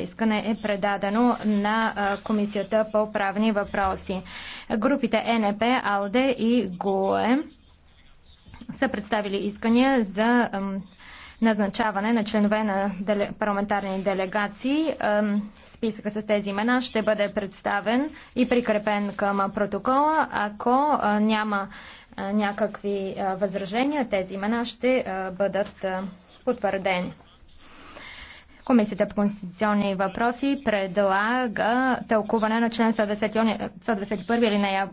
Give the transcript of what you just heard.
искане е предадено на Комисията по правни въпроси. Групите е НП, АЛДЕ и ГОЕ са представили искания за назначаване на членове на парламентарни делегации. Списъка с тези имена ще бъде представен и прикрепен към протокола. Ако няма някакви възражения, тези имена ще бъдат потвърдени. Комисията по конституционни въпроси предлага тълкуване на член 121 или нея